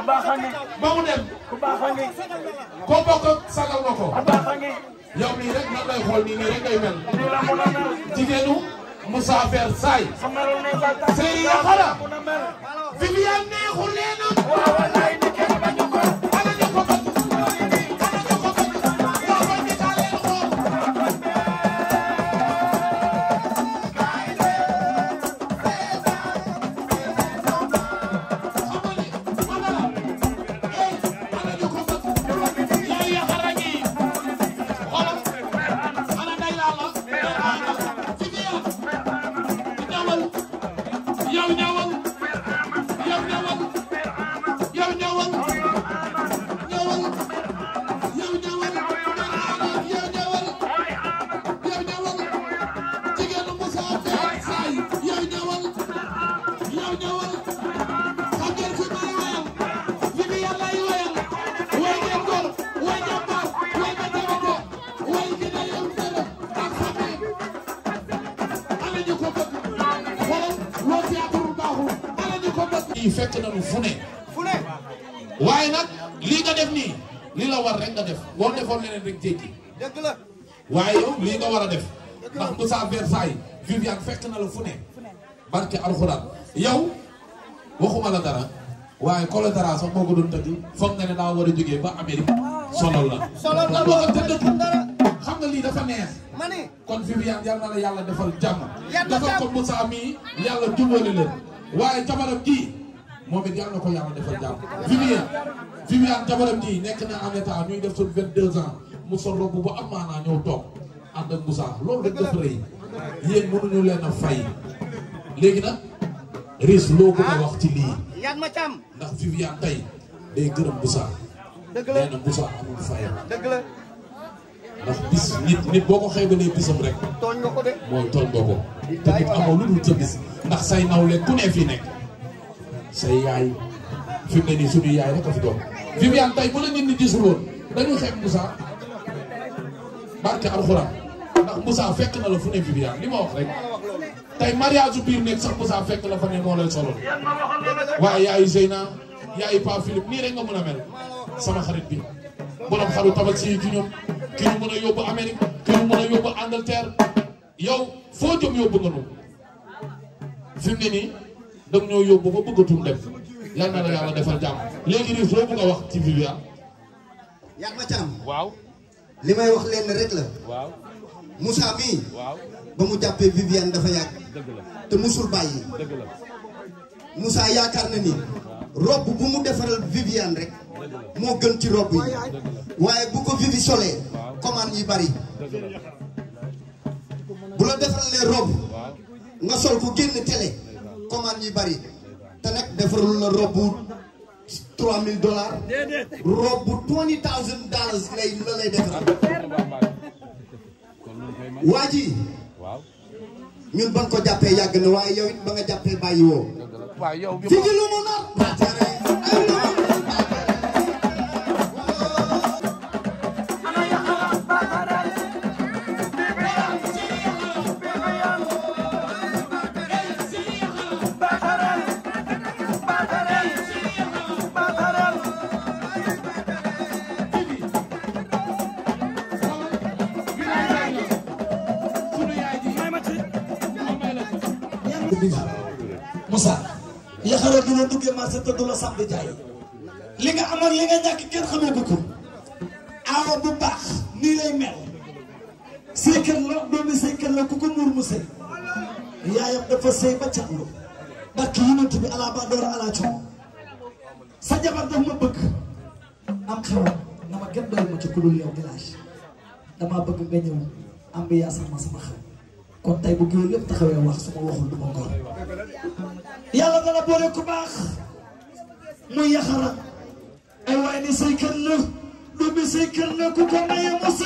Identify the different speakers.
Speaker 1: ku baax a ba mu dem. ku baax a ngi. koo bokk sagal na ko. ku baax a ngi. yow nii rek xool nii nii rek ngay mel. nii la mun a mel. jigéenu Moussa Fer Saay. Seydou Yaxara. Viviane yi fekk nañu fu ne. fu ne. waaye nag lii nga def nii li la war rek nga def boo defoon leneen rek jéggi. dëgg la. waaye yow lii nga war a def. ndax Moussa Versailles Viviane fekk na la fu ne. barke alxuraan yow waxuma la dara waaye Colotara sax moo ko doon tëgg foog nga ne daa war a jógee ba Amérique. Ah, solol la solol la boo ko xam nga lii dafa neex. ma kon Viviane yal na la yàlla defal jàmm. defal ko Moussa mii yàlla jubóole leen. waaye jabaram gii. moom it yàlla na ko yàlla defal jàmm. Viviane Viviane jabaram ji nekk na en état ñuy def suñu 22 ans mu sol robe bu am maanaa ñëw toog ànd ak Moussa loolu rek dafa rëy yéen mënuñu leen a fay léegi nag Riis loo ko wax ci lii ndax Viviane tey day gërëm Moussa nee na Moussa amul fayam ndax bis nit nit boo ko ne bisam rek mooy tooñ nga ko te nit amoo lu dul ca gis ndax say nawle ku ne fii nekk. say yaay fi ne nii suñuy yaay rek a fi doom Viviane tey bu la nit ñi gisul woon alxuraan ndax fekk na la fu ne Viviane li ma wax rek tey biir nekk sax Moussa fekk la fa ne moo lay solo waaye yaayu Zeyna yaayu Pa Philippe nii rek nga mën a mel sama xarit bi borom xaru tabaski ci ñoom ki ñu mën a yóbbu Amérique ki ñu mën a yóbbu Angleterre yow foo jëm yóbbu nga nu fi ne nii. dang ñoo yóbbu ba bëggatul dem yal na la defal jàmm léegi nii foo bëgg a wax ci Viviane. yàgg ma li may wax lenn rek la. waaw. Moussa mii. waaw ba mu jàppee Viviane dafa yàgg. la te musul bàyyi. dëgg la. Moussa yaakaar na ni. robb bu mu defaral Viviane rek. moo gën ci robb yi. waaye bu ko Vivi solee. commande yi bari. bu la defaralee robb. nga sol ko génn télé. commande yi bari te nag defarul la robbu 3000 dollars robbu 20000 dollars lay la lay defaral waa ji ñun ban ko jàppee yàgg na waaye yow it ba nga jàppee bàyyi woo. yow bi Moussa yaxara du la duggee marché te du jaay li nga am li nga ñàkk kenn xamee ko awa bu baax nii lay mel séykër la doomi séykër la ku ko muur mu yaayam dafa sëy ba canlu barki yonent bi alaa ba door alaa coow sa jabar daf bëgg am xewam na ma gën doy ma ci kulul yow village damaa bëgg nga ñëw am bi yaa sama sama xew kon tey bu géwél yëpp taxawee wax su ma waxul du ma gor yàlla dana boole ku baax muy say kër la du bi say kër la ku ko maye mu